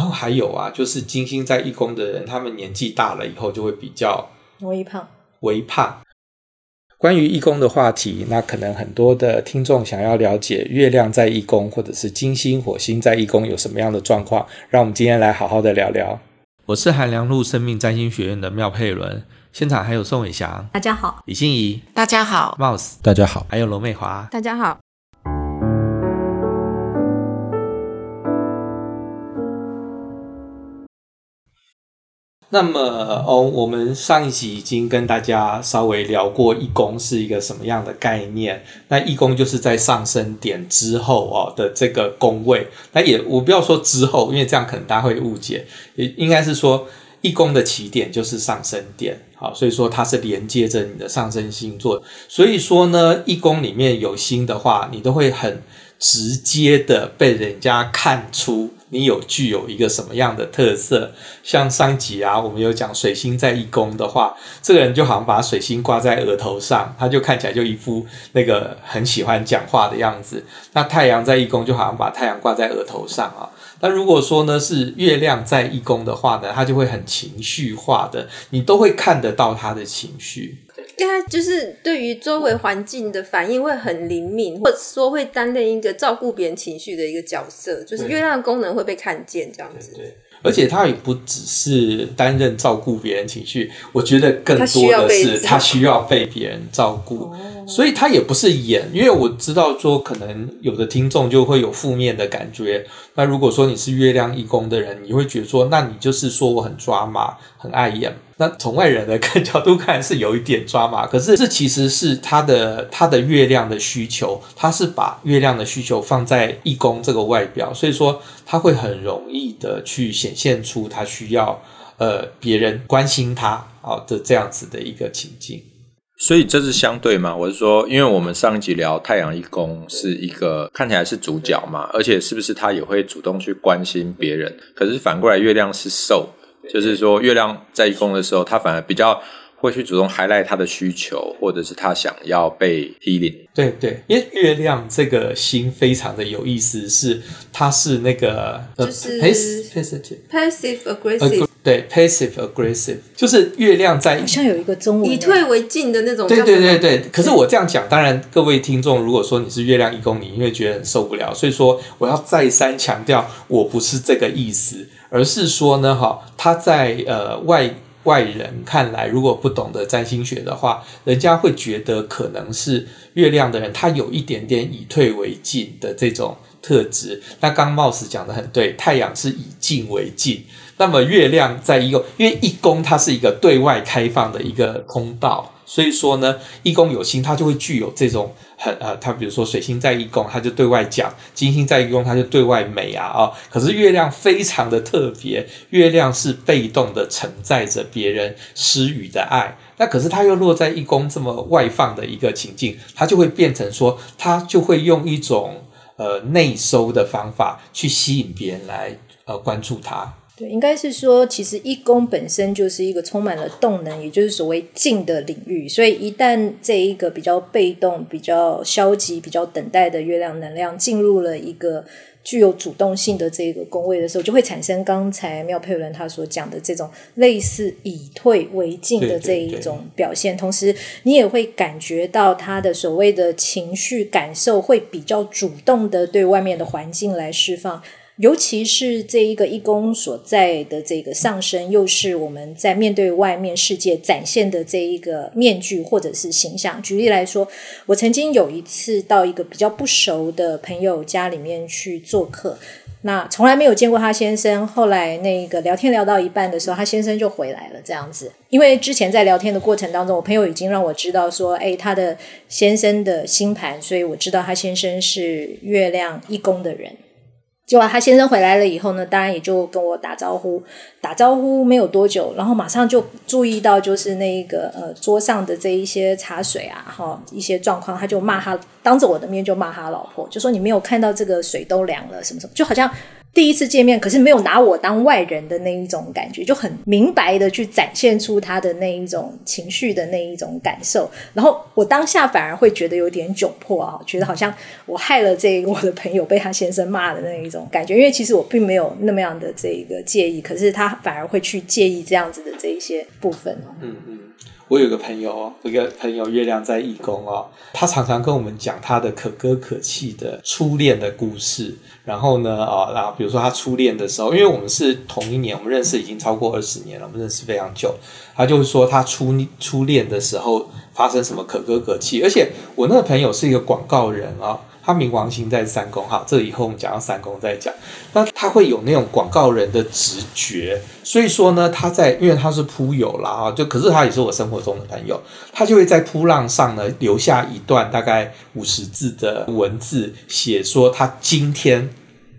然後還有啊，就是金星在一宮的人，他們年紀大了以後就會比較微胖。微胖。關於一宮的話題，那可能很多的聽眾想要了解月亮在一宮，或者是金星、火星在一宮有什麼樣的狀況，讓我們今天來好好的聊聊。我是韓良露生命占星學院的妙佩倫，現場還有宋偉翔，大家好；李欣怡，大家好；Mouse，大家好；還有羅美華，大家好。那麼哦，我們上一集已經跟大家稍微聊過，一宮是一個什麼樣的概念？那一宮就是在上升點之後哦的這個宮位。那也我不要說之後，因為這樣可能大家會誤解，也應該是說一宮的起點就是上升點，好，哦，所以說它是連接着你的上升星座。所以說呢，一宮裡面有星的話，你都會很直接的被人家看出。你有具有一個什麼樣？的特色？像上集啊，我們有講水星在一宮的話，這個人就好像把水星掛在額頭上，他就看起來就一副那個很喜歡講話的樣子。那太陽在一宮就好像把太陽掛在額頭上啊。那如果說呢，是月亮在一宮的話呢，他就會很情緒化的，你都會看得到他的情緒。應該就是對於周圍環境的反應會很靈敏，或者說會擔任一個照顧別人情緒的一個角色，就是因為月亮的功能會被看見這樣子。對，對,對，而且他也不只是擔任照顧別人情緒，我覺得更多的是他需要被別人照顧。所以他也不是演，因為我知道說可能有的聽眾就會有負面的感覺。那如果說你是月亮義工一宮的人，你會覺得說，那你就是說我很抓馬，很愛演。那從外人的看角度看是有一點抓馬，可是這其實是他的他的月亮的需求，他是把月亮的需求放在一宮這個外表，所以說他會很容易的去顯現出他需要呃別人關心他啊的、哦、這樣子的一個情境。所以這是相對嗎？我是說，因為我們上一集聊太陽一宮是一個看起來是主角嘛，而且是不是他也會主動去關心別人？可是反過來，月亮是受、so，就是說月亮在一宮的時候，他反而比較會去主動 highlight 他的需求，或者是他想要被 healing 對，對對，因為月亮這個星非常的有意思，是他是那個就是、uh, pass, pass passive aggressive，uh。對，passive aggressive，就是月亮在，好像有一個中文，啊，“以退為進”的那種。對對對對，對，對。可是我這樣講，當然各位聽眾，如果說你是月亮一宮裡，你會覺得很受不了，所以說我要再三強調，我不是這個意思，而是說呢，哈，他在呃外外人看來，如果不懂得占星學的話，人家會覺得可能是月亮的人，他有一點點以退為進的這種特質。那剛貌似講得很對，太陽是以進為進。那麼月亮在一宮，因為一宮它是一個對外開放的一個通道，所以說呢，一宮有星，它就會具有這種很呃，它比如說水星在一宮，它就對外講；金星在一宮，它就對外美啊啊、哦。可是月亮非常的特別，月亮是被動的承載着別人施予的愛。那可是它又落在一宮這麼外放的一個情境，它就會變成說，它就會用一種呃內收的方法去吸引別人來呃關注它。應該是說，其實一宮本身就是一個充滿了動能，也就是所謂靜的領域。所以一旦這一個比較被動、比較消極、比較等待的月亮能量進入了一個具有主動性的這個宮位的時候，就會產生剛才妙佩倫他所講的這種類似以退為進的這一種表現。對對對。同時，你也會感覺到他的所謂的情緒感受會比較主動的對外面的環境來釋放。尤其是這一個一宮所在的這個上升，又是我們在面對外面世界展現的這一個面具或者是形象。舉例來說，我曾經有一次到一個比較不熟的朋友家裡面去做客，那從來沒有見過他先生。後來那個聊天聊到一半的時候，他先生就回來了，這樣子。因為之前在聊天的過程當中，我朋友已經讓我知道說，哎，他的先生的星盤，所以我知道他先生是月亮一宮的人。就、啊、他先生回來了以後呢，當然也就跟我打招呼，打招呼沒有多久，然後馬上就注意到，就是那個呃桌上的這一些茶水啊，哈、哦、一些狀況，他就罵他當着我的面就罵他老婆，就說，你沒有看到這個水都涼了什麼什麼，就好像。第一次見面，可是沒有拿我當外人的那一種感覺，就很明白地去展現出他的那一種情緒的那一種感受。然後我當下反而會覺得有點窘迫，啊，覺得好像我害了這一個我的朋友被他先生罵的那一種感覺。因為其實我並沒有那麼樣的這個介意，可是他反而會去介意這樣子的這一些部分哦。嗯嗯，我有個朋友，有個朋友月亮在一宮哦，他常常跟我們講他的可歌可泣的初戀的故事。然後呢，啊、哦，然後比如說他初戀的時候，因為我們是同一年，我們認識已經超過二十年了，我們認識非常久。他就說他初初戀的時候發生什麼可歌可泣，而且我那個朋友是一個廣告人啊、哦。他冥王星在三宮，好，這以後我們講到三宮再講。那他會有那種廣告人的直覺，所以說呢，他在因為他是噗友啦，就可是他也是我生活中的朋友，他就會在噗浪上呢留下一段大概五十字的文字，寫說他今天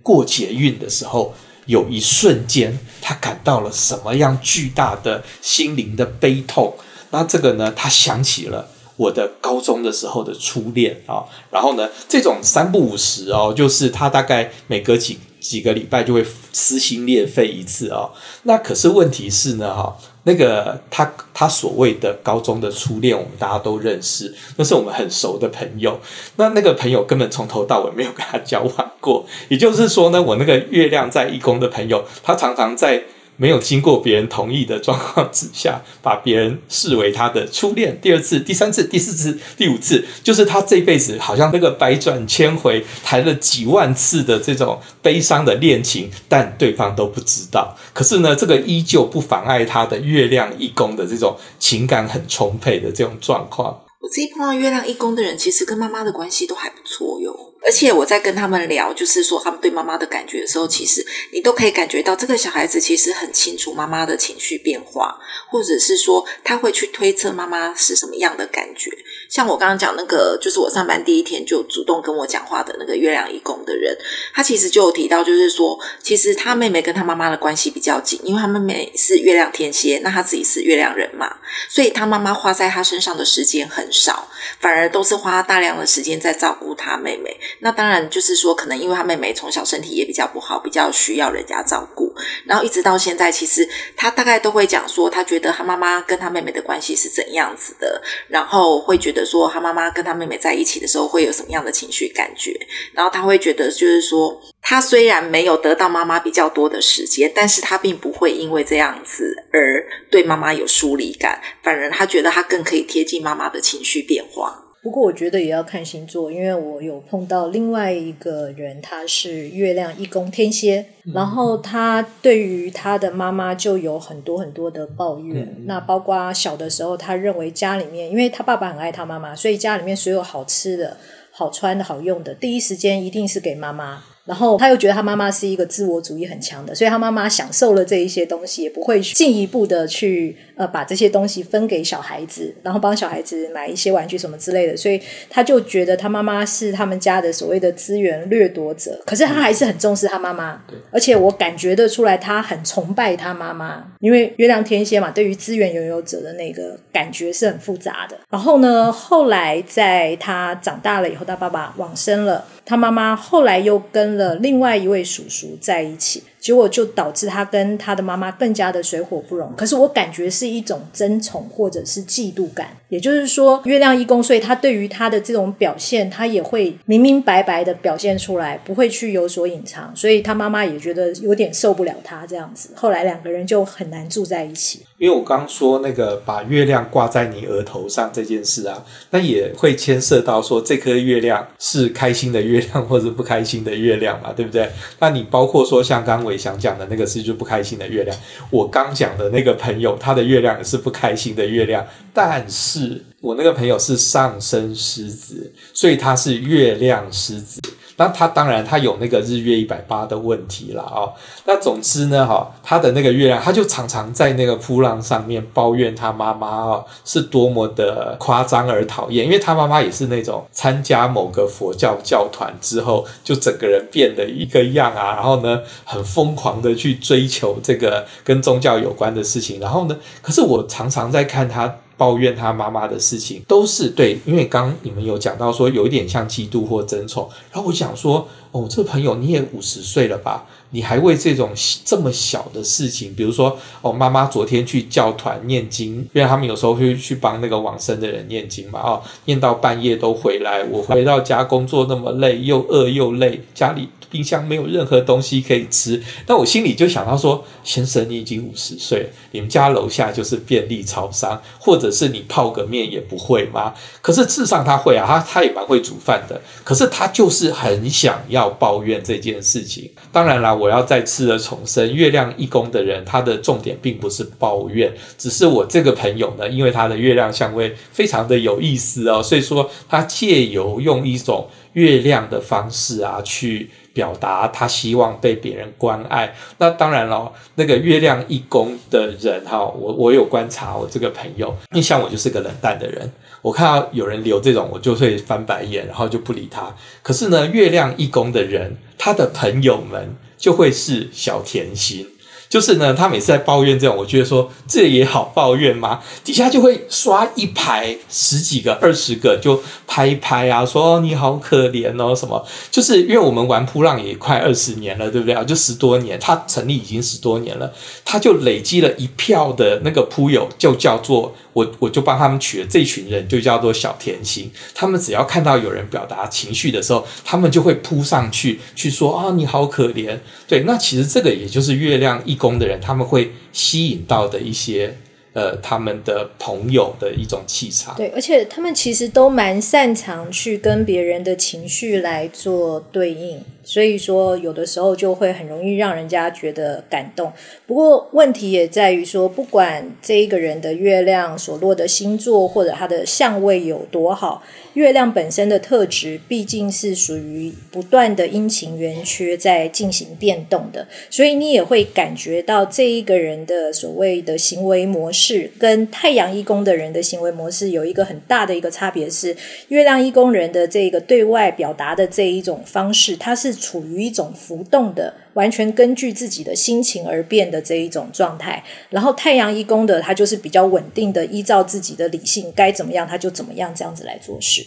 過捷運的時候，有一瞬間他感到了什麼樣巨大的心靈的悲痛。那這個呢，他想起了。我的高中的時候的初戀啊、哦，然後呢，這種三不五時哦，就是他大概每隔幾幾個禮拜就會撕心裂肺一次啊、哦。那可是問題是呢、哦，哈，那個他他所謂的高中的初戀，我們大家都認識，那是我們很熟的朋友。那那個朋友根本從頭到尾沒有跟他交往過。也就是說呢，我那個月亮在一宮的朋友，他常常在。沒有經過別人同意的狀況之下，把別人視為他的初戀、第二次、第三次、第四次、第五次，就是他這輩子好像那個百轉千回談了幾萬次的這種悲傷的戀情，但對方都不知道。可是呢，這個依舊不妨礙他的月亮一宮的這種情感很充沛的這種狀況。我自己碰到月亮一宮的人，其實跟媽媽的關係都還不錯喲。而且我在跟他們聊，就是說他們對媽媽的感覺的時候，其實你都可以感覺到，這個小孩子其實很清楚媽媽的情緒變化，或者是說他會去推測媽媽是什麼樣的感覺。像我剛剛講那個，就是我上班第一天就主動跟我講話的那個月亮一宮的人，他其實就有提到，就是說，其實他妹妹跟他媽媽的關係比較緊，因為他妹妹是月亮天蠍，那他自己是月亮人嘛，所以他媽媽花在他身上的時間很少，反而都是花大量的時間在照顧他妹妹。那當然就是說，可能因為他妹妹從小身體也比較不好，比較需要人家照顧，然後一直到現在，其實他大概都會講說，他覺得他媽媽跟他妹妹的關係是怎樣子的，然後會覺得。說他媽媽跟他妹妹在一起的時候會有什麼樣的情緒感覺，然後他會覺得，就是說他雖然沒有得到媽媽比較多的時間，但是他並不會因為這樣子而對媽媽有疏離感，反而他覺得他更可以貼近媽媽的情緒變化。不過我覺得也要看星座，因為我有碰到另外一個人，他是月亮一宮天蠍，嗯，然後他對於他的媽媽就有很多很多的抱怨，嗯，那包括小的時候，他認為家裡面，因為他爸爸很愛他媽媽，所以家裡面所有好吃的、好穿的、好用的，第一時間一定是給媽媽，然後他又覺得他媽媽是一個自我主義很強的，所以他媽媽享受了這一些東西，也不會進一步的去。呃，把這些東西分給小孩子，然後幫小孩子買一些玩具什麼之類的，所以他就覺得他媽媽是他們家的所謂的資源掠奪者。可是他還是很重視他媽媽，而且我感覺得出來他很崇拜他媽媽，因為月亮天蠍嘛，對於資源擁有者的那個感覺是很複雜的。然後呢，後來在他長大了以後，他爸爸往生了，他媽媽後來又跟了另外一位叔叔在一起。結果就導致他跟他的媽媽更加的水火不容。可是我感覺是一種爭寵或者是嫉妒感。也就是說，月亮一宮歲，他對於他的這種表現，他也會明明白白的表現出來，不會去有所隱藏。所以他媽媽也覺得有點受不了他這樣子，後來兩個人就很難住在一起。因為我剛說那個把月亮掛在你額頭上這件事啊，那也會牽涉到說這顆月亮是開心的月亮，或者不開心的月亮嘛，對不對？那你包括說像剛偉翔講的那個是就不開心的月亮，我剛講的那個朋友，他的月亮也是不開心的月亮，但是。是我那個朋友是上升獅子，所以他是月亮獅子。那他當然他有那個日月一百八的問題啦哦。那總之呢、哦，哈，他的那個月亮，他就常常在那個噗浪上面抱怨他媽媽哦，是多麼的誇張而討厭。因為他媽媽也是那種參加某個佛教教團之後，就整個人變得一個樣啊。然後呢，很瘋狂的去追求這個跟宗教有關的事情。然後呢，可是我常常在看他。抱怨他媽媽的事情都是對，因為剛剛你們有講到說有一點像嫉妒或爭寵，然後我想說，哦，這個朋友你也五十歲了吧？你還為這種這麼小的事情，比如說，哦，媽媽昨天去教團念經，因為他們有時候會去，去幫那個往生的人念經嘛，哦，念到半夜都回來，我回到家工作那麼累，又餓又累，家裡。冰箱沒有任何東西可以吃，那我心裡就想到說：“先生，你已經五十歲了，你們家樓下就是便利超商，或者是你泡個麵也不會嗎？”可是事實上他會啊，他他也蠻會煮飯的，可是他就是很想要抱怨這件事情。當然啦，我要再次的重申，月亮一宮的人他的重點並不是抱怨，只是我這個朋友呢，因為他的月亮相位非常的有意思哦，所以說他借由用一種。月亮的方式啊，去表達他希望被別人關愛。那當然了、哦，那個月亮一宮的人哈、哦，我我有觀察，我這個朋友，你像我就是個冷淡的人。我看到有人留這種，我就會翻白眼，然後就不理他。可是呢，月亮一宮的人，他的朋友們就會是小甜心。就是呢，他每次在抱怨，這樣我覺得說這也好抱怨嗎？底下就會刷一排十幾個、二十個，就拍一拍啊，說你好可憐哦，什麼？就是因為我們玩噗浪也快二十年了，對不對？就十多年，他成立已經十多年了，他就累積了一票的那個噗友，就叫做。我我就幫他們取了這群人，就叫做小甜心。他們只要看到有人表達情緒的時候，他們就會撲上去去說啊、哦，你好可憐。對，那其實這個也就是月亮一宮的人，他們會吸引到的一些呃他們的朋友的一種氣場。對，而且他們其實都蠻擅長去跟別人的情緒來做對應。所以說，有的時候就會很容易讓人家覺得感動。不過問題也在於說，不管這一個人的月亮所落的星座或者他的相位有多好，月亮本身的特質畢竟是屬於不斷的陰晴圓缺在進行變動的，所以你也會感覺到這一個人的所謂的行為模式跟太陽一宮的人的行為模式有一個很大的一個差別是，月亮一宮人的這個對外表達的這一種方式，它是。處於一種浮動的，完全根據自己的心情而變的這一種狀態，然後太陽一宮的，它就是比較穩定的，依照自己的理性該怎麼樣，它就怎麼樣這樣子來做事。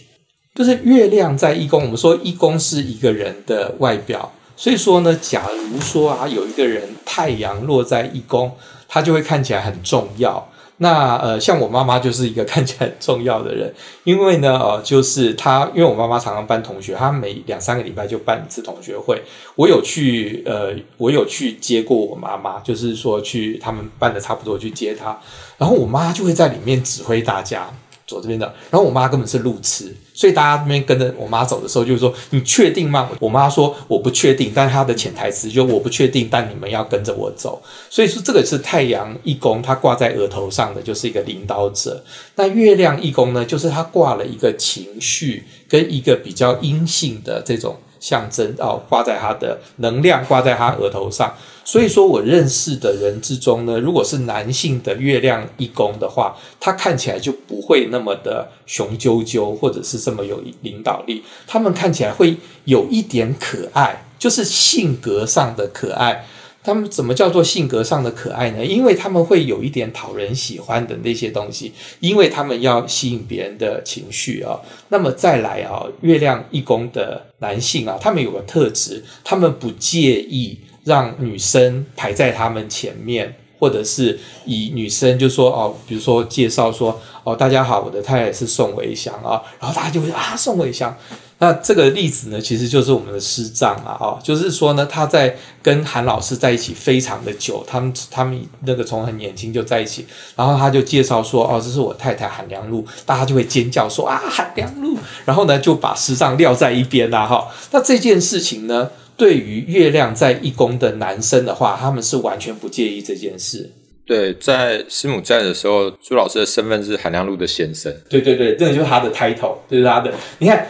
就是月亮在一宮，我們說一宮是一個人的外表，所以說呢，假如說啊，有一個人太陽落在一宮，他就會看起來很重要。那呃、，像我媽媽就是一個看起來很重要的人，因為呢，呃、就是她，因為我媽媽常常辦同學，她每兩三個禮拜就辦一次同學會。我有去，呃，我有去接過我媽媽，就是說去他們辦的差不多去接她，然後我媽就會在裡面指揮大家走這邊的，然後我媽根本是路痴。所以大家那邊跟着我媽走的時候，就是說你確定嗎？我媽說我不確定，但是她的潛台詞就我不確定，但你們要跟着我走。所以說這個是太陽一宮，它掛在額頭上的就是一個領導者。那月亮一宮呢，就是它掛了一個情緒跟一個比較陰性的這種。象徵哦，掛在他的能量，掛在他額頭上。所以說我認識的人之中呢，如果是男性的月亮一宮的話，他看起來就不會那麼的雄赳赳，或者是這麼有領導力。他們看起來會有一點可愛，就是性格上的可愛。他們怎麼叫做性格上的可愛呢？因為他們會有一點討人喜歡的那些東西，因為他們要吸引別人的情緒啊、哦。那麼再來啊、哦，月亮一宮的男性啊，他們有個特質，他們不介意讓女生排在他們前面，或者是以女生就說哦，比如說介紹說哦，大家好，我的太太是宋唯翔啊，然後大家就會說啊，宋唯翔。那這個例子呢，其實就是我們的師丈啊，哦，就是說呢，他在跟韓老師在一起非常的久，他們他們那個從很年輕就在一起，然後他就介紹說，哦，這是我太太韓良露，大家就會尖叫說啊，韓良露，然後呢就把師丈撂、撂在一邊啦、啊，哈、哦，那這件事情呢，對於月亮在一宮的男生的話，他們是完全不介意這件事。對，在師母在的時候，朱老師的身份是韓良露的先生。對對對，這個就是他的 title，就是他的，你看。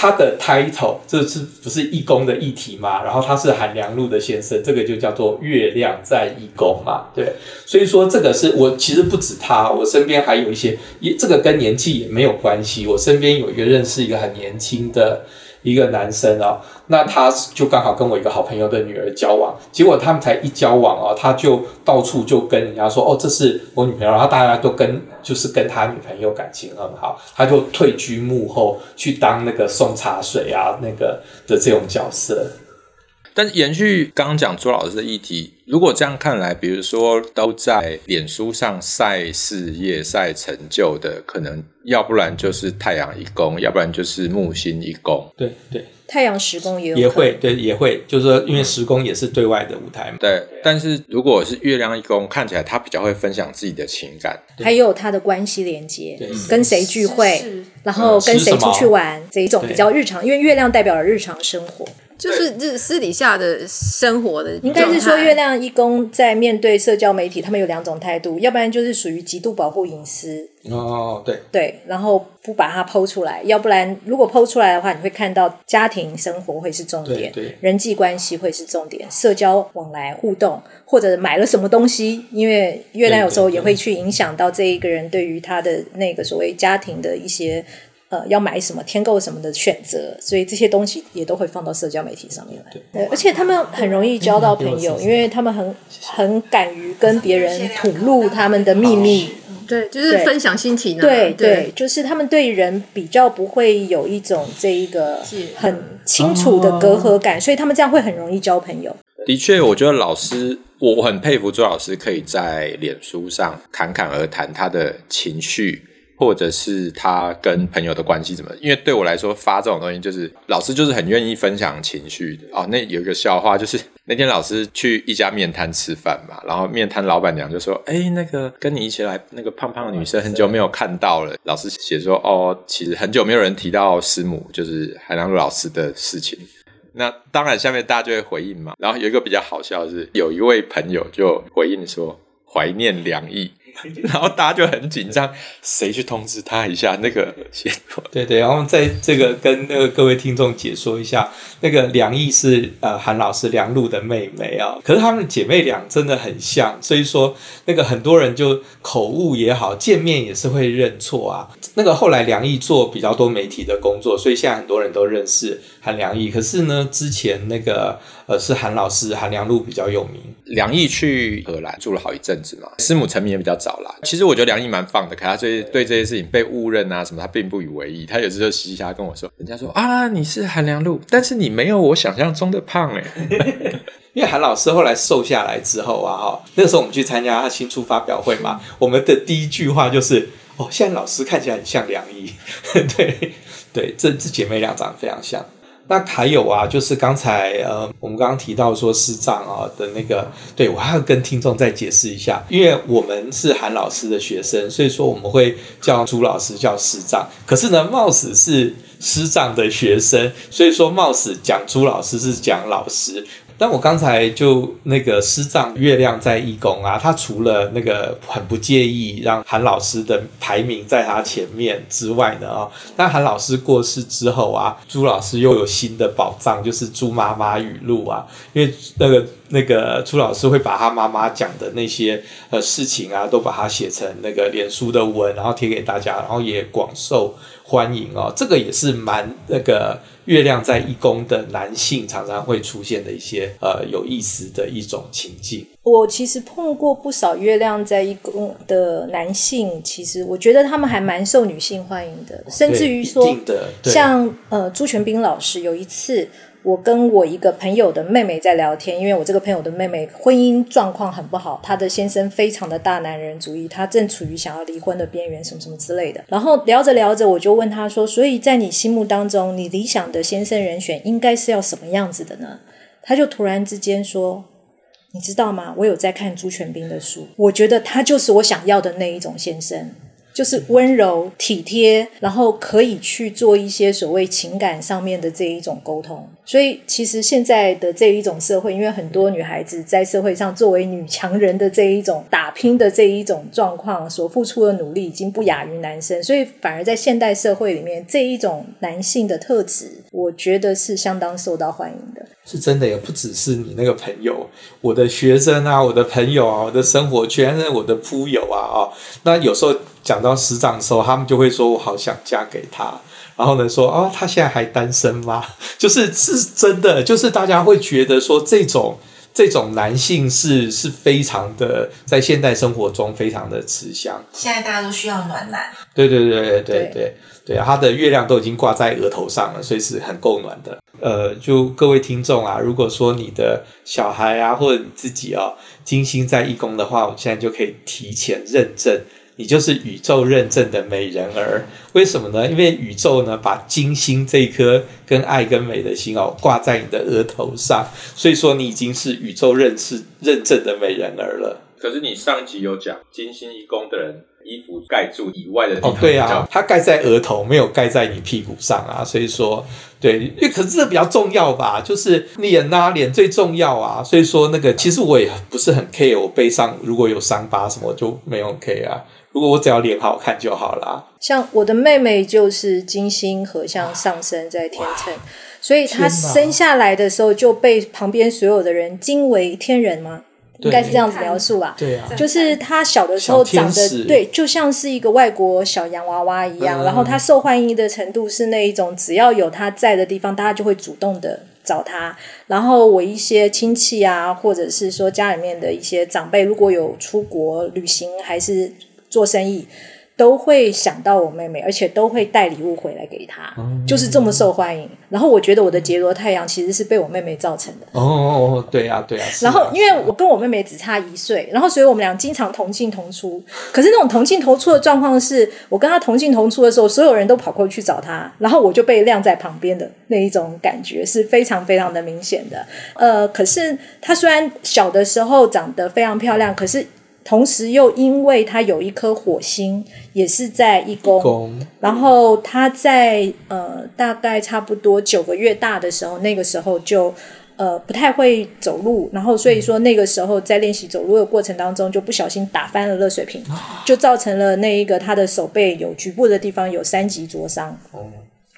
他的 title 這是不是一宮的議題嗎？然後他是韓良露的先生，這個就叫做月亮在一宮嘛。對，所以說這個是我其實不止他，我身邊還有一些，也這個跟年紀也沒有關係。我身邊有一個認識一個很年輕的。一個男生哦，那他就剛好跟我一個好朋友的女兒交往，結果他們才一交往哦，他就到處就跟人家說哦，這是我女朋友，然後大家都跟就是跟他女朋友感情很好，他就退居幕後去當那個送茶水啊那個的這種角色。但延續剛剛講朱老師的議題，如果這樣看來，比如說都在臉書上曬事業、曬成就的，可能要不然就是太陽一宮，要不然就是木星一宮。對對，太陽十宮也有也會，對也會，就是說因為十宮也是對外的舞台嘛。嗯。對，但是如果是月亮一宮，看起來他比較會分享自己的情感，還有他的關係連接，對對跟誰聚會，然後跟誰出去玩這一種比較日常，因為月亮代表了日常生活。就是這私底下的生活的，應該是說月亮一宮在面對社交媒體，他們有兩種態度，要不然就是屬於極度保護隱私哦，對對，然後不把它 po 出來，要不然如果 po 出來的話，你會看到家庭生活會是重點，人際關係會是重點，社交往來互動或者買了什麼東西，因為月亮有時候也會去影響到這一個人對於他的那個所謂家庭的一些。呃，要買什麼添購什麼的選擇，所以這些東西也都會放到社交媒體上面來。對，對而且他們很容易交到朋友，嗯嗯嗯嗯嗯嗯、因為他們很、嗯嗯、很敢於跟別人吐露他們的秘密。嗯嗯、對，就是分享心情、啊。對對,對,對,對，就是他們對人比較不會有一種這一個很清楚的隔閡感，所以他們這樣會很容易交朋友。的確，我覺得老師我很佩服周老師，可以在臉書上侃侃而談他的情緒。或者是他跟朋友的關係怎麼？因為對我來說，發這種東西就是老師就是很願意分享情緒的哦，那有一個笑話，就是那天老師去一家麵攤吃飯嘛，然後麵攤老闆娘就說：“哎，那個跟你一起來那個胖胖的女生很久沒有看到了。”老師寫說：“哦，其實很久沒有人提到師母，就是韓良露老師的事情。”那當然，下面大家就會回應嘛。然後有一個比較好笑的是，有一位朋友就回應說：“懷念良露 然後大家就很緊張，誰去通知他一下？那個先說，對對，然後在這個跟那個各位聽眾解說一下，那個良憶是呃韓老師良露的妹妹啊、喔，可是他們姐妹倆真的很像，所以說那個很多人就口誤也好，見面也是會認錯啊。那個後來良憶做比較多媒體的工作，所以現在很多人都認識韓良憶。可是呢，之前那個。呃，是韓老師韓良露比較有名，良憶去荷蘭住了好一陣子嘛，師母成名也比較早啦。其實我覺得良憶蠻放的，可他最對，對對這些事情被誤認啊什麼，他並不以為意。他有時候嘻嘻哈哈跟我說：“人家說啊，你是韓良露，但是你沒有我想象中的胖哎。 ”因為韓老師後來瘦下來之後啊，哈，那時候我們去參加他新書發表會嘛，我們的第一句話就是：“哦，現在老師看起來很像良憶。”對對，這這姐妹倆長得非常像。那還有啊，就是剛才呃，我們剛剛提到說師丈啊、哦、的那個，對我還要跟聽眾再解釋一下，因為我們是韓老師的學生，所以說我們會叫朱老師叫師丈，可是呢，貌似是師丈的學生，所以說貌似講朱老師是講老師。但我剛才就那個師丈月亮在一宮啊，他除了那個很不介意讓韓老師的排名在他前面之外呢啊、哦，但韓老師過世之後啊，朱老師又有新的寶藏，就是朱媽媽語錄啊，因為那個。那個朱老師會把他媽媽講的那些呃事情啊，都把它寫成那個臉書的文，然後貼給大家，然後也廣受歡迎哦。這個也是蠻那個月亮在一宮的男性常常會出現的一些呃有意思的一種情境。我其實碰過不少月亮在一宮的男性，其實我覺得他們還蠻受女性歡迎的，甚至於說對對像呃朱全斌老師有一次，我跟我一個朋友的妹妹在聊天，因為我這個朋友的妹妹婚姻狀況很不好，她的先生非常的大男人主義，她正處於想要離婚的邊緣，什麼什麼之類的。然後聊着聊着，我就問她說：“所以在你心目當中，你理想的先生人選應該是要什麼樣子的呢？”她就突然之間說：“你知道嗎？我有在看朱全斌的書，我覺得他就是我想要的那一種先生。”就是溫柔、體貼，然後可以去做一些所謂情感上面的這一種溝通。所以，其實現在的這一種社會，因為很多女孩子在社會上作為女強人的這一種打拼的這一種狀況，所付出的努力已經不亞於男生，所以反而在現代社會裡面，這一種男性的特質，我覺得是相當受到歡迎的。是真的，也不只是你那個朋友，我的學生啊，我的朋友啊，我的生活圈，我的鋪友啊、哦，啊，那有時候講到師長的時候，他們就會說我好想嫁給他，然後呢說啊、哦，他現在還單身嗎？就是是真的，就是大家會覺得說這種這種男性是是非常的，在現代生活中非常的吃香。現在大家都需要暖男，對對對對對對，對，對、啊，他的月亮都已經掛在額頭上了，所以是很夠暖的。呃，就各位聽眾啊，如果說你的小孩啊，或者你自己哦，金星在一宮的話，我現在就可以提前認證，你就是宇宙認證的美人兒。為什麼呢？因為宇宙呢，把金星這一顆跟愛跟美的心哦，掛在你的額頭上，所以說你已經是宇宙認識認證的美人兒了。可是你上一集有講，金星一宮的人。衣服蓋住以外的地方，哦，對啊，它蓋在額頭，沒有蓋在你屁股上啊，所以說，對，因為可是這個比較重要吧，就是臉啊，臉最重要啊，所以說，那個其實我也不是很 care，我背上如果有傷疤什麼，就沒有 care 啊，如果我只要臉好看就好啦。像我的妹妹就是金星和向上升在天秤，所以她生下來的時候就被旁邊所有的人驚為天人嗎？應該是這樣子描述吧、對啊，就是他小的時候長得對，就像是一個外國小洋娃娃一樣。嗯、然後他受歡迎的程度是那一種，只要有他在的地方，大家就會主動的找他。然後我一些親戚啊，或者是說家裡面的一些長輩，如果有出國旅行還是做生意。都會想到我妹妹，而且都會帶禮物回來給她，嗯、就是這麼受歡迎。嗯、然後我覺得我的杰羅太陽其實是被我妹妹造成的。哦，哦，對呀、啊，對呀、啊啊。然後因為我跟我妹妹只差一歲，然後所以我們倆經常同進同出。可是那種同進同出的狀況是，我跟她同進同出的時候，所有人都跑過去找她，然後我就被晾在旁邊的那一種感覺是非常非常的明顯的。呃，可是她雖然小的時候長得非常漂亮，可是。同時又因為他有一顆火星，也是在一宮，然後他在呃大概差不多九個月大的時候，那個時候就呃不太會走路，然後所以說那個時候在練習走路的過程當中，就不小心打翻了熱水瓶，就造成了那一個他的手背有局部的地方有三級灼傷。哦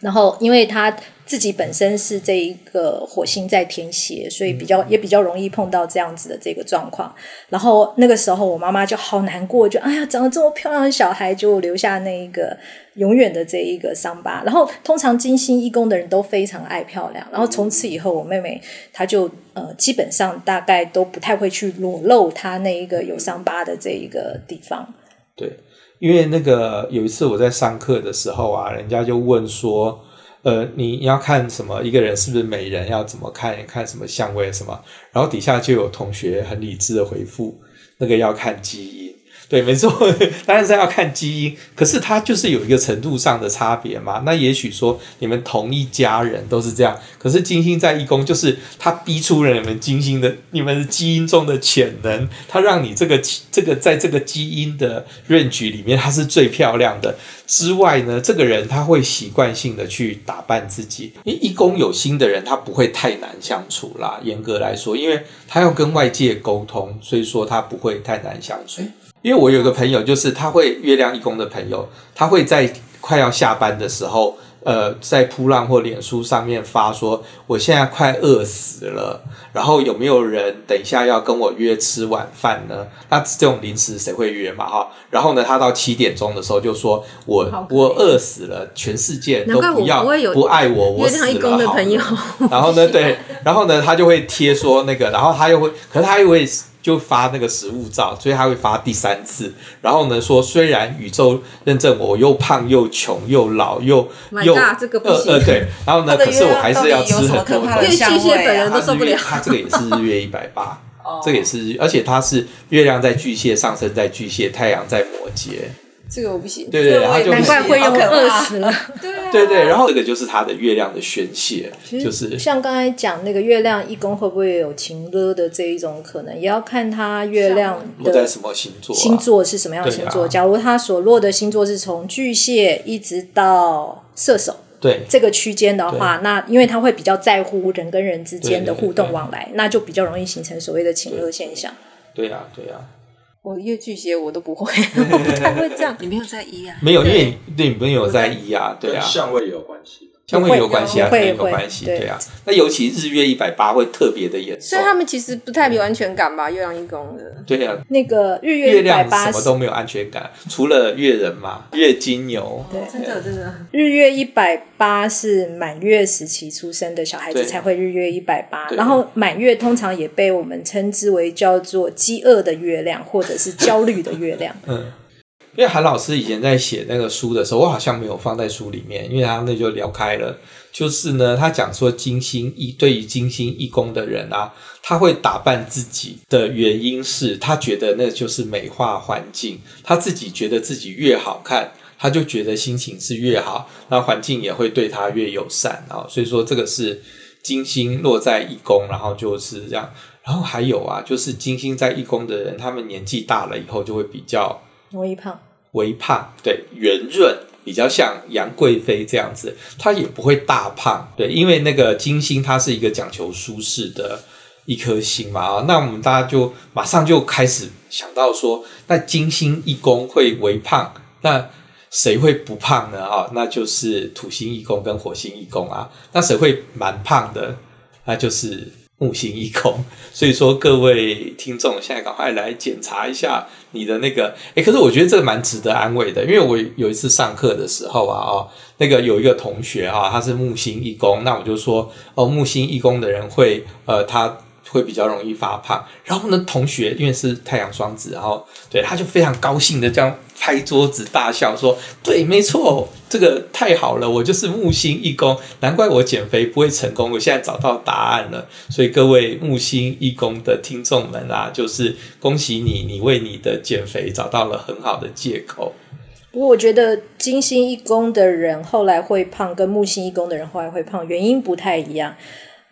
然後，因為她自己本身是這一個火星在天蠍，所以比較也比較容易碰到這樣子的這個狀況。嗯、然後那個時候，我媽媽就好難過，就哎呀，長得這麼漂亮的小孩，就留下那一個永遠的這一個傷疤。然後，通常金星一宮的人都非常愛漂亮。然後從此以後，我妹妹她就呃基本上大概都不太會去裸露她那一個有傷疤的這一個地方。對。因為那個有一次我在上課的時候啊，人家就問說，呃，你要看什麼一個人是不是美人，要怎麼看？看什麼相位什麼？然後底下就有同學很理智的回復，那個要看基因。對，沒錯，當然是要看基因，可是它就是有一個程度上的差別嘛。那也許說你們同一家人都是這樣，可是金星在一宮，就是它逼出了你們金星的你們基因中的潛能，它讓你這個這個在這個基因的順序裡面，他是最漂亮的。之外呢，這個人他會習慣性的去打扮自己。因為一宮有星的人，他不會太難相處啦。嚴格來說，因為他要跟外界溝通，所以說他不會太難相處。欸因為我有個朋友，就是他會月亮一宮的朋友，他會在快要下班的時候，呃，在噗浪或臉書上面發說，我現在快餓死了，然後有沒有人等一下要跟我約吃晚飯呢？那這種臨時誰會約嘛？哈，然後呢，他到七點鐘的時候就說，我我餓死了，全世界都不要不愛我，我死了。然後呢，對，然後呢，他就會貼說那個，然後他又會，可是他又會。就發那個食物照，所以他會發第三次。然後呢，說雖然宇宙認證我又胖又窮又老又又 God、呃，這個呃對，然後呢，可是我還是要吃很多很多。巨蟹本人都受不了，他這個也是日月一百八，這個也是日月，而且它是月亮在巨蟹，上升在巨蟹，太陽在摩羯。這個我不行，對對對、啊，難怪會用餓死了。就是啊、 對、啊、對對，然後這個就是他的月亮的宣洩，其實就是像剛才講那個月亮一宮會不會有情熱的這一種可能，也要看他月亮的落在什麼星座、啊，星座是什麼樣的星座、啊。假如他所落的星座是從巨蟹一直到射手，對這個區間的話，那因為他會比較在乎人跟人之間的互動往來，對對對對，那就比較容易形成所謂的情樂現象。對呀，對呀、啊。對啊我越巨蟹，我都不會，我不太會這樣。 你沒有在意啊？沒有，因為你對你朋友在意啊，對啊，相位也有關係。會有關係啊。會會會會有關係，會會。對啊對。那尤其日月一百八會特別的嚴重，所以他們其實不太有安全感吧？嗯、月亮一宮的，對啊。那個日月一百八什麼都沒有安全感，除了月人嘛，月金牛。對，對真的真的。日月一百八是滿月時期出生的小孩子才會日月一百八，然後滿月通常也被我們稱之為叫做飢餓的月亮，或者是焦慮的月亮。 嗯。因為韓老師以前在寫那個書的時候，我好像沒有放在書裡面，因為他那就聊開了。就是呢，他講說金星一，對於金星一宮的人啊，他會打扮自己的原因是他覺得那就是美化環境。他自己覺得自己越好看，他就覺得心情是越好，那環境也會對他越友善。然後，哦，所以說這個是金星落在一宮，然後就是這樣。然後還有啊，就是金星在一宮的人，他們年紀大了以後就會比較。微胖，微胖，對，圓潤，比較像楊貴妃這樣子，她也不會大胖，對，因為那個金星它是一個講求舒適的一顆星嘛、哦，啊，那我們大家就馬上就開始想到說，那金星一宮會微胖，那誰會不胖呢、哦？啊，那就是土星一宮跟火星一宮啊，那誰會蠻胖的？那就是。木星一宮，所以說各位聽眾現在趕快來檢查一下你的那個，誒，可是我覺得這個蠻值得安慰的，因為我有一次上課的時候啊，哦，那個有一個同學啊，他是木星一宮，那我就說，哦，木星一宮的人會，呃，他會比較容易發胖，然後呢，同學因為是太陽雙子，然後對，他就非常高興的這樣。拍桌子大笑說：“對，沒錯，這個太好了！我就是木星一宮，難怪我減肥不會成功。我現在找到答案了。所以各位木星一宮的聽眾們啊，就是恭喜你，你為你的減肥找到了很好的借口。不過，我覺得金星一宮的人後來會胖，跟木星一宮的人後來會胖，原因不太一樣。”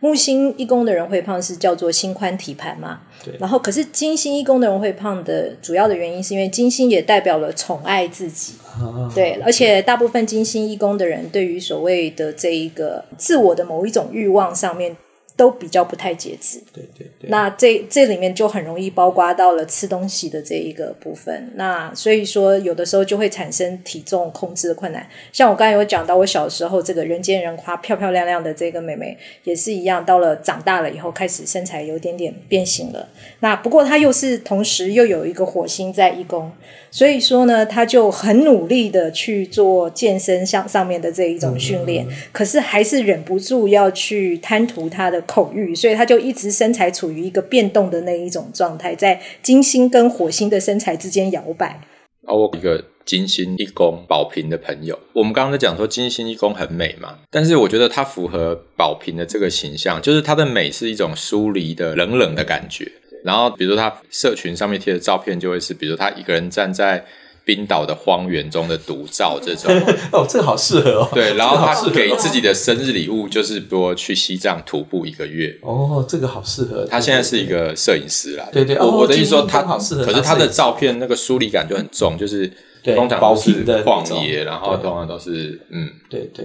木星一宮的人會胖，是叫做心寬體胖嘛？對。然後，可是金星一宮的人會胖的主要的原因，是因為金星也代表了寵愛自己。哦、對，而且大部分金星一宮的人，對於所謂的這一個自我的某一種慾望上面。都比較不太節制，對對對。那這這裡面就很容易包括到了吃東西的這一個部分，那所以說有的時候就會產生體重控制的困難。像我剛才有講到，我小時候這個人見人誇、漂漂亮亮的這個妹妹也是一樣，到了長大了以後，開始身材有點點變形了。那不過她又是同時又有一個火星在一宮，所以說呢，她就很努力的去做健身上上面的這一種訓練、嗯嗯，可是還是忍不住要去貪圖她的口欲，所以他就一直身材處於一個變動的那一種狀態，在金星跟火星的身材之間搖擺。我一個金星一宮寶瓶的朋友，我們剛剛在講說金星一宮很美嘛，但是我覺得它符合寶瓶的這個形象，就是它的美是一種疏離的、冷冷的感覺。然後，比如他社群上面貼的照片，就會是比如他一個人站在。冰島的荒原中的獨照這、 喔，這種哦，這個好適合哦、喔。對，然後他給自己的生日禮物就是比如去西藏徒步一個月。哦、喔，這個好適合。他現在是一個攝影師啦。對對，對我，我我的意思說他對對對對，可是他的照片那個疏離感就很重，就是通常都是曠野，然後通常都是嗯，對對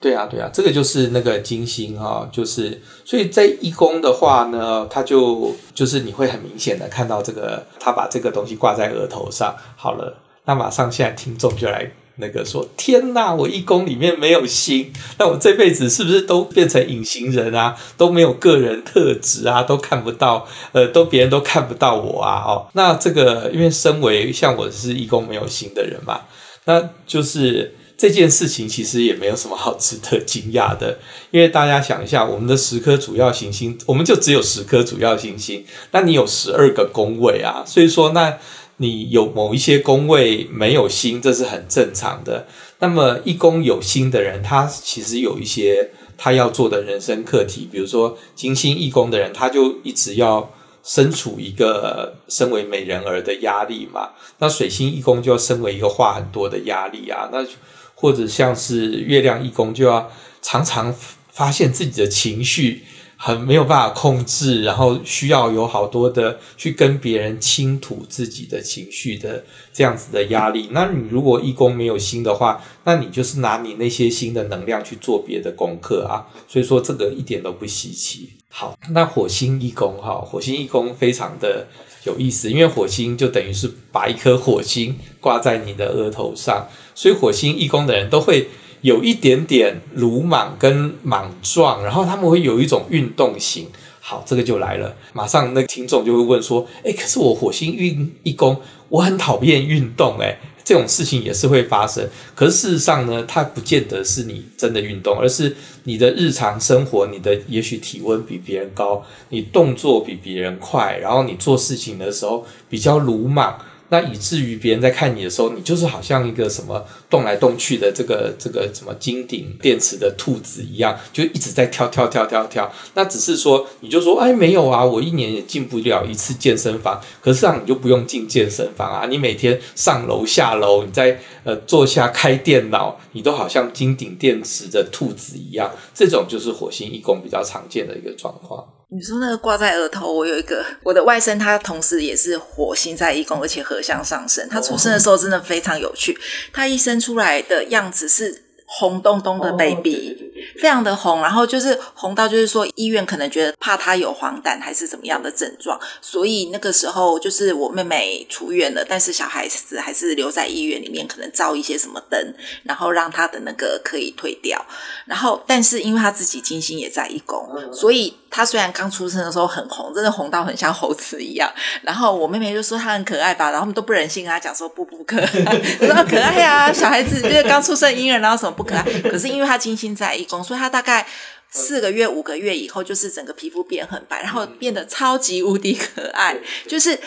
對啊對，對啊，這個就是那個金星哈、喔，就是所以在一宮的話呢，他就就是你會很明顯的看到這個他把這個東西掛在額頭上，好了。那馬上，現在聽眾就來那個說：“天哪，我一宮裡面沒有星，那我這輩子是不是都變成隱形人啊？都沒有個人特質啊，都看不到，呃，都別人都看不到我啊？哦，那這個因為身為像我是一宮沒有星的人嘛，那就是這件事情其實也沒有什麼好值得驚訝的，因為大家想一下，我們的十顆主要行星，我們就只有十顆主要行星，那你有十二個宮位啊，所以說那。”你有某一些宮位沒有星，這是很正常的。那麼一宮有星的人，他其實有一些他要做的人生課題。比如說金星一宮的人，他就一直要身處一個身為美人兒的壓力嘛。那水星一宮就要身為一個話很多的壓力啊。那或者像是月亮一宮，就要常常發現自己的情緒，很沒有辦法控制，然後需要有好多的去跟別人傾吐自己的情緒的這樣子的壓力。那你如果一宮沒有星的話，那你就是拿你那些星的能量去做別的功課啊。所以說這個一點都不稀奇。好，那火星一宮哈，火星一宮非常的有意思，因為火星就等於是把一顆火星掛在你的額頭上，所以火星一宮的人都會。有一點點魯莽跟莽撞，然後他們會有一種運動型。好，這個就來了，馬上那個聽眾就會問說：“誒、欸，可是我火星運一宮，我很討厭運動、欸，誒，這種事情也是會發生。可是事實上呢，它不見得是你真的運動，而是你的日常生活，你的也許體溫比別人高，你動作比別人快，然後你做事情的時候比較魯莽，那以至於別人在看你的時候，你就是好像一個什麼。”動來動去的這個這個什麼金頂電池的兔子一樣，就一直在跳跳跳跳跳。那只是說，你就說，哎，沒有啊，我一年也進不了一次健身房。可是這、啊、樣，你就不用進健身房啊，你每天上樓下樓，你在呃坐下開電腦，你都好像金頂電池的兔子一樣。這種就是火星一宮比較常見的一個狀況。你說那個掛在額頭，我有一個我的外甥，他同時也是火星在一宮，而且合相上升。他出生的時候真的非常有趣，他一生出來的樣子是，紅咚咚的 baby，哦、對對對對對非常的紅，然後就是紅到就是說醫院可能覺得怕他有黃疸還是怎麼樣的症狀，所以那個時候就是我妹妹出院了，但是小孩子還是留在醫院裡面，可能照一些什麼燈，然後讓他的那個可以退掉。然後但是因為他自己金星也在一宮，所以他雖然剛出生的時候很紅，真的紅到很像猴子一樣。然後我妹妹就說他很可愛吧，然後我們都不忍心跟他講說不不可愛 說可愛啊， 小孩子就是剛出生嬰兒，然後什麼。 可愛,可是因為他金星在一宮，所以他大概四個月、五個月以後，就是整個皮膚變很白，然後變得超級無敵可愛。就是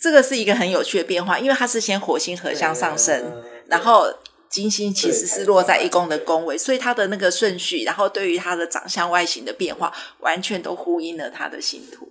這個是一個很有趣的變化，因為他是先火星合相上升，對對對然後金星其實是落在一宮的宮位，所以他的那個順序，然後對於他的長相外形的變化，完全都呼應了他的星圖。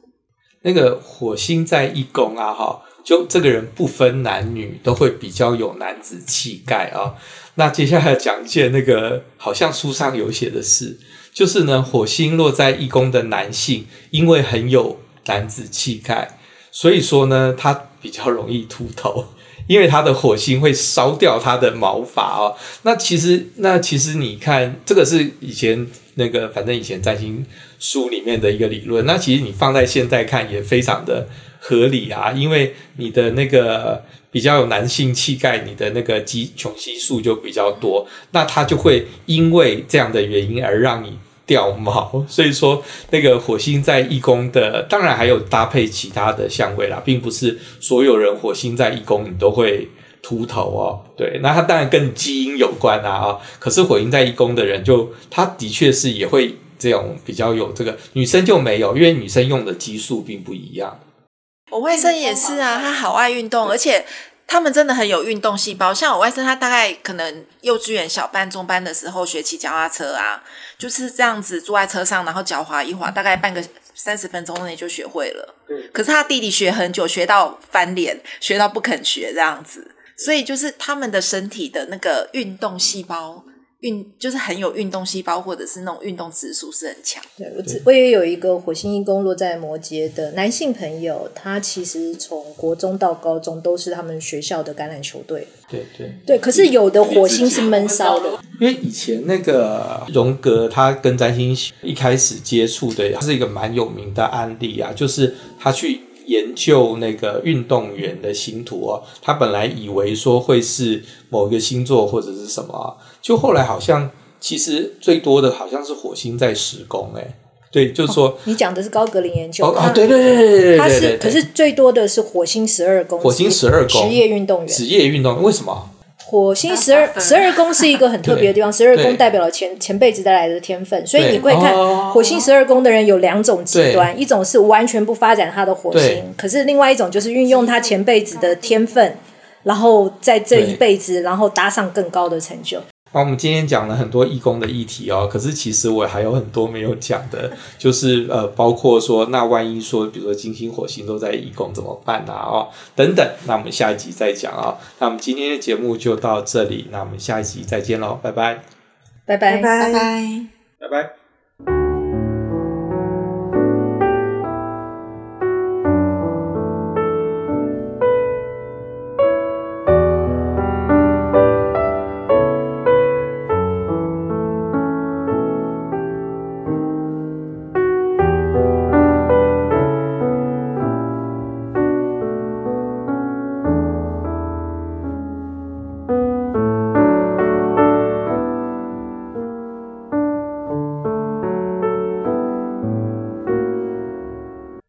那個火星在一宮啊，哈。就這個人不分男女，都會比較有男子氣概啊、哦。那接下來講一件那個好像書上有寫的事，就是呢，火星落在一宮的男性，因為很有男子氣概，所以說呢，他比較容易禿頭，因為他的火星會燒掉他的毛髮啊、哦。那其實，那其實你看，這個是以前那個反正以前占星書裡面的一個理論，那其實你放在現在看也非常的。合理啊，因為你的那個比較有男性氣概，你的那個基，雄激素就比較多，那他就會因為這樣的原因而讓你掉毛。所以說，那個火星在一宮的，當然還有搭配其他的相位啦，並不是所有人火星在一宮你都會禿頭哦。對，那他當然跟基因有關啦啊，可是火星在一宮的人就他的確是也會這種比較有這個，女生就沒有，因為女生用的激素並不一樣。我外甥也是啊，他好愛運動，而且他們真的很有運動細胞。像我外甥，他大概可能幼稚園小班、中班的時候學騎腳踏車啊，就是這樣子坐在車上，然後腳滑一滑，大概半個三十分鐘內就學會了。嗯，可是他弟弟學很久，學到翻臉，學到不肯學這樣子，所以就是他們的身體的那個運動細胞。運就是很有運動細胞，或者是那種運動指數是很強的。對，我只我也有一個火星一宮落在摩羯的男性朋友，他其實從國中到高中都是他們學校的橄欖球隊。對對對，對，可是有的火星是悶燒的。因為以前那個榮格，他跟占星一開始接觸的，他是一個蠻有名的案例啊，就是他去。研究那個運動員的星圖哦，他本來以為說會是某一個星座或者是什麼，就後來好像其實最多的好像是火星在十宮，誒。對，就是說、哦、你講的是高格林研究哦，啊、哦，對對對對對,對,對,對,對,對,對，他是，可是最多的是火星十二宮，火星十二宮職業運動員，職業運動員為什麼？火星十二十二宮是一個很特別的地方， 十二宮代表了前前輩子帶來的天分，所以你會看火星十二宮的人有兩種極端，一種是完全不發展他的火星，可是另外一種就是運用他前輩子的天分，然後在這一輩子，然後搭上更高的成就。那、啊、我們今天講了很多一宮的議題哦，可是其實我還有很多沒有講的，就是呃，包括說那萬一說，比如說金星、火星都在一宮怎麼辦啊？哦，等等，那我們下一集再講啊、哦。那我們今天的節目就到這裡，那我們下一集再見嘍，拜拜，拜拜，拜拜，拜拜。拜拜拜拜。